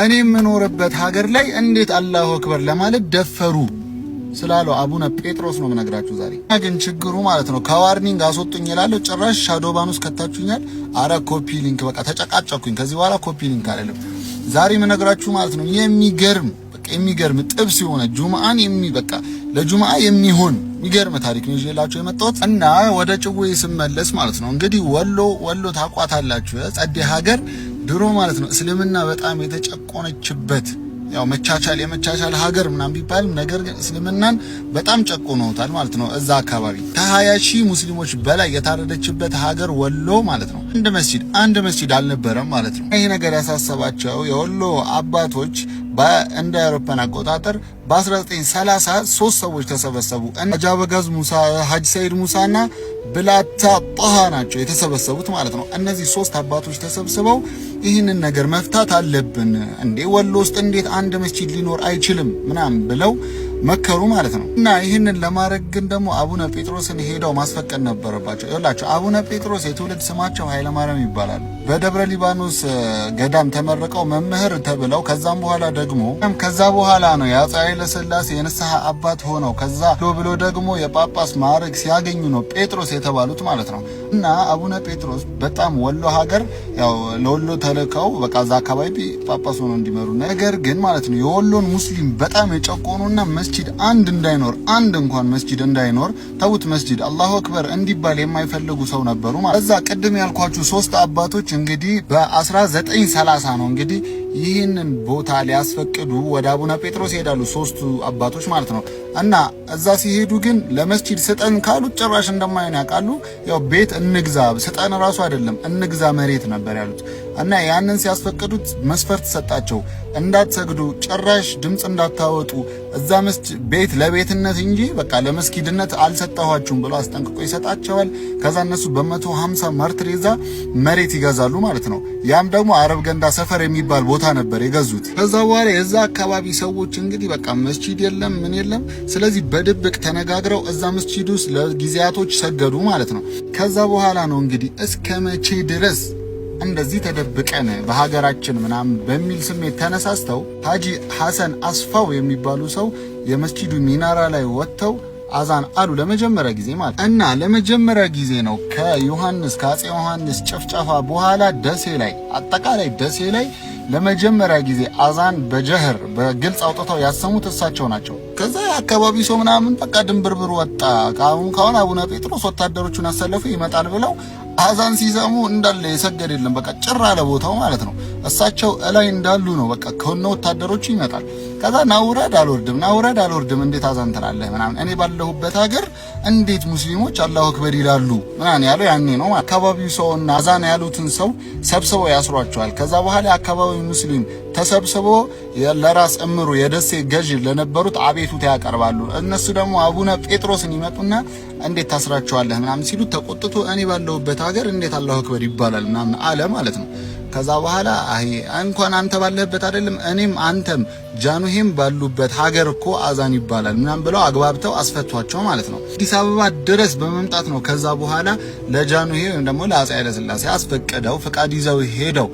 እኔ የምኖርበት ሀገር ላይ እንዴት አላሁ አክበር ለማለት ደፈሩ ስላለው አቡነ ጴጥሮስ ነው የምነግራችሁ ዛሬ። ግን ችግሩ ማለት ነው ከዋርኒንግ አስወጡኝ ይላለሁ። ጭራሽ ሻዶባን ውስጥ ከታችሁኛል። አረ ኮፒ ሊንክ በቃ ተጨቃጨኩኝ። ከዚህ በኋላ ኮፒ ሊንክ አይደለም ዛሬ የምነግራችሁ ማለት ነው። የሚገርም በቃ የሚገርም ጥብስ የሆነ ጁምአን የሚበቃ ለጁምአ የሚሆን የሚገርም ታሪክ ነው ይዤላችሁ የመጣሁት እና ወደ ጭዌ ስመለስ ማለት ነው እንግዲህ ወሎ ወሎ ታቋታላችሁ፣ ጸዴ ሀገር ድሮ ማለት ነው እስልምና በጣም የተጨቆነችበት ያው መቻቻል የመቻቻል ሀገር ምናምን ቢባልም ነገር ግን እስልምናን በጣም ጨቁኖታል ማለት ነው። እዛ አካባቢ ከሀያ ሺህ ሙስሊሞች በላይ የታረደችበት ሀገር ወሎ ማለት ነው። አንድ መስጂድ አንድ መስጂድ አልነበረም ማለት ነው። ይህ ነገር ያሳሰባቸው የወሎ አባቶች እንደ አውሮፓን አቆጣጠር በ1930 ሶስት ሰዎች ተሰበሰቡ። ሀጅ አበጋዝ ሙሳ፣ ሀጅ ሰይድ ሙሳ እና ብላታ ጣሃ ናቸው የተሰበሰቡት ማለት ነው። እነዚህ ሶስት አባቶች ተሰብስበው ይህንን ነገር መፍታት አለብን እንዴ ወሎ ውስጥ እንዴት አንድ መስጂድ ሊኖር አይችልም ምናምን ብለው መከሩ ማለት ነው። እና ይህንን ለማድረግ ግን ደግሞ አቡነ ጴጥሮስን ሄደው ማስፈቀድ ነበረባቸው። ይላቸው አቡነ ጴጥሮስ የትውልድ ስማቸው ኃይለማርያም ይባላሉ። በደብረ ሊባኖስ ገዳም ተመርቀው መምህር ተብለው ከዛም በኋላ ደግሞ ከዛ በኋላ ነው የአፄ ኃይለ ሥላሴ የንስሐ አባት ሆነው ከዛ ሎ ብሎ ደግሞ የጳጳስ ማዕረግ ሲያገኙ ነው ጴጥሮስ የተባሉት ማለት ነው። እና አቡነ ጴጥሮስ በጣም ወሎ ሀገር ያው ለወሎ ተልከው በቃ እዛ አካባቢ ጳጳስ ሆነው እንዲመሩ ነገር ግን ማለት ነው የወሎን ሙስሊም በጣም የጨቆኑና መስ መስጂድ አንድ እንዳይኖር አንድ እንኳን መስጂድ እንዳይኖር ተውት መስጂድ አላሁ አክበር እንዲባል የማይፈልጉ ሰው ነበሩ። ማለት እዛ ቅድም ያልኳችሁ ሶስት አባቶች እንግዲህ በ1930 ነው እንግዲህ ይህንን ቦታ ሊያስፈቅዱ ወደ አቡነ ጴጥሮስ ይሄዳሉ፣ ሶስቱ አባቶች ማለት ነው። እና እዛ ሲሄዱ ግን ለመስጂድ ስጠን ካሉት ጭራሽ እንደማይሆን ያውቃሉ። ያው ቤት እንግዛ ስጠን ራሱ አይደለም እንግዛ መሬት ነበር ያሉት። እና ያንን ሲያስፈቅዱት መስፈርት ሰጣቸው። እንዳትሰግዱ፣ ጭራሽ ድምፅ እንዳታወጡ፣ እዛ መስጅ ቤት ለቤትነት እንጂ በቃ ለመስጊድነት አልሰጠኋችሁም ብሎ አስጠንቅቆ ይሰጣቸዋል። ከዛ እነሱ በመቶ ሃምሳ ማርትሬዛ መሬት ይገዛሉ ማለት ነው። ያም ደግሞ አረብ ገንዳ ሰፈር የሚባል ቦታ ነበር የገዙት። ከዛ በኋላ የዛ አካባቢ ሰዎች እንግዲህ በቃ መስጂድ የለም ምን የለም፣ ስለዚህ በድብቅ ተነጋግረው እዛ መስጂድ ውስጥ ለጊዜያቶች ሰገዱ ማለት ነው። ከዛ በኋላ ነው እንግዲህ እስከ መቼ ድረስ እንደዚህ ተደብቀን በሀገራችን ምናምን በሚል ስሜት ተነሳስተው ሀጂ ሐሰን አስፋው የሚባሉ ሰው የመስጂዱ ሚናራ ላይ ወጥተው አዛን አሉ። ለመጀመሪያ ጊዜ ማለት እና ለመጀመሪያ ጊዜ ነው ከዮሐንስ ከአጼ ዮሐንስ ጭፍጨፋ በኋላ ደሴ ላይ አጠቃላይ ደሴ ላይ ለመጀመሪያ ጊዜ አዛን በጀህር በግልጽ አውጥተው ያሰሙት እሳቸው ናቸው። ከዛ የአካባቢው ሰው ምናምን በቃ ድንብርብር ወጣ። ከአሁን ካሁን አቡነ ጴጥሮስ ወታደሮቹን አሰለፉ ይመጣል ብለው አዛን ሲሰሙ እንዳለ የሰገድ የለም። በቃ ጭር አለ ቦታው ማለት ነው። እሳቸው እላይ እንዳሉ ነው። በቃ ከሆነ ወታደሮቹ ይመጣል። ከዛ ናውረድ አልወርድም ናውረድ አልወርድም እንዴት አዛን ትላለህ ምናምን። እኔ ባለሁበት ሀገር እንዴት ሙስሊሞች አላሁ አክበር ይላሉ ምናምን ያለው ያኔ ነው። አካባቢው ሰውና አዛን ያሉትን ሰው ሰብስበው ያስሯቸዋል። ከዛ በኋላ አካባቢው ሙስሊም ተሰብስቦ ለራስ እምሩ የደሴ ገዥ ለነበሩት አቤቱታ ያቀርባሉ። እነሱ ደግሞ አቡነ ጴጥሮስን ይመጡና እንዴት ታስራቸዋለህ ምናምን ሲሉ ተቆጥቶ እኔ ባለሁበት ሀገር እንዴት አላሁ አክበር ይባላል ምናምን አለ ማለት ነው። ከዛ በኋላ አይ እንኳን አንተ ባለህበት አይደለም እኔም አንተም ጃኑሄም ባሉበት ሀገር እኮ አዛን ይባላል ምናም ብለው አግባብተው አስፈቷቸው ማለት ነው። አዲስ አበባ ድረስ በመምጣት ነው። ከዛ በኋላ ለጃኑሄ ወይም ደግሞ ለአፄ ኃይለሥላሴ አስፈቅደው ፈቃድ ይዘው ሄደው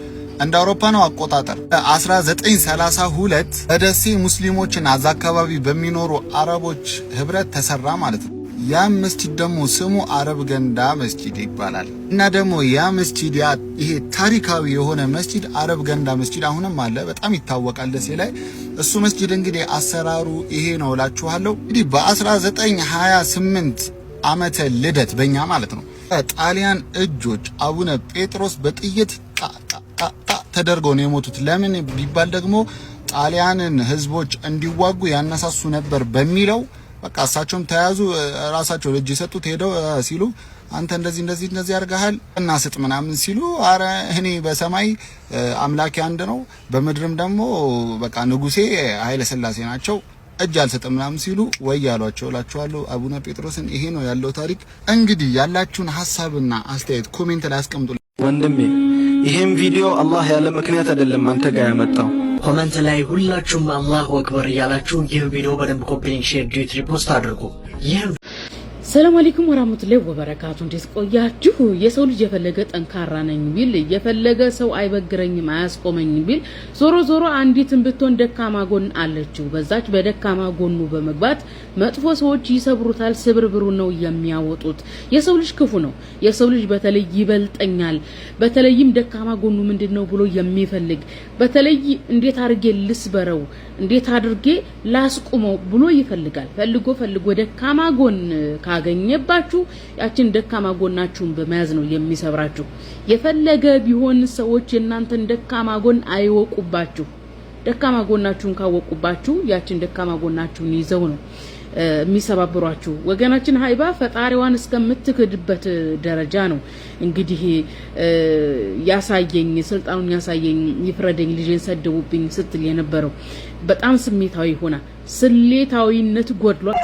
እንደ አውሮፓ ነው አቆጣጠር 1932 በደሴ ሙስሊሞችና እዛ አካባቢ በሚኖሩ አረቦች ህብረት ተሰራ ማለት ነው። ያ መስጂድ ደግሞ ስሙ አረብ ገንዳ መስጂድ ይባላል እና ደግሞ ያ መስጂድ ይሄ ታሪካዊ የሆነ መስጂድ አረብ ገንዳ መስጂድ አሁንም አለ፣ በጣም ይታወቃል ደሴ ላይ። እሱ መስጂድ እንግዲህ አሰራሩ ይሄ ነው እላችኋለሁ። እንግዲህ በ1928 ዓመተ ልደት በእኛ ማለት ነው ጣሊያን እጆች አቡነ ጴጥሮስ በጥይት ተደርገው ነው የሞቱት። ለምን ቢባል ደግሞ ጣሊያንን ህዝቦች እንዲዋጉ ያነሳሱ ነበር በሚለው በቃ እሳቸውም ተያዙ፣ ራሳቸው ልጅ ይሰጡት ሄደው ሲሉ አንተ እንደዚህ እንደዚህ እንደዚህ ያርጋሃል እናስጥ ምናምን ሲሉ፣ አረ እኔ በሰማይ አምላኬ አንድ ነው፣ በምድርም ደግሞ በቃ ንጉሴ ኃይለ ሥላሴ ናቸው እጅ አልሰጥም ምናምን ሲሉ ወይ ያሏቸው እላችኋለሁ አቡነ ጴጥሮስን። ይሄ ነው ያለው ታሪክ። እንግዲህ ያላችሁን ሀሳብና አስተያየት ኮሜንት ላይ አስቀምጡ ወንድሜ ይህም ቪዲዮ አላህ ያለ ምክንያት አይደለም አንተ ጋር ያመጣው። ኮመንት ላይ ሁላችሁም አላሁ አክበር እያላችሁ ይህ ቪዲዮ በደንብ ኮፒ፣ ሼር፣ ዲዩት ሪፖስት አድርጉ። ሰላም አለይኩም ወራህመቱላሂ ወበረካቱ። እንዴት ቆያችሁ? የሰው ልጅ የፈለገ ጠንካራ ነኝ ቢል የፈለገ ሰው አይበግረኝም አያስቆመኝም ቢል ዞሮ ዞሮ አንዲትም ብትሆን ደካማ ጎን አለችው። በዛች በደካማ ጎኑ በመግባት መጥፎ ሰዎች ይሰብሩታል፣ ስብርብሩ ነው የሚያወጡት። የሰው ልጅ ክፉ ነው። የሰው ልጅ በተለይ ይበልጠኛል፣ በተለይም ደካማ ጎኑ ምንድን ነው ብሎ የሚፈልግ በተለይ እንዴት አድርጌ ልስበረው፣ እንዴት አድርጌ ላስቁመው ብሎ ይፈልጋል። ፈልጎ ፈልጎ ደካማ ጎን ካገኘባችሁ ያችን ደካማ ጎናችሁን በመያዝ ነው የሚሰብራችሁ። የፈለገ ቢሆን ሰዎች የእናንተን ደካማ ጎን አይወቁባችሁ። ደካማ ጎናችሁን ካወቁባችሁ ያችን ደካማ ጎናችሁን ይዘው ነው የሚሰባብሯችሁ። ወገናችን ሀይባ ፈጣሪዋን እስከምትክድበት ደረጃ ነው እንግዲህ ያሳየኝ፣ ስልጣኑን ያሳየኝ፣ ይፍረደኝ፣ ልጄን ሰደቡብኝ ስትል የነበረው በጣም ስሜታዊ ሆና ስሌታዊነት ጎድሏል።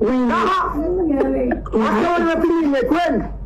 وين؟ لا حول ولا قوة إلا بالله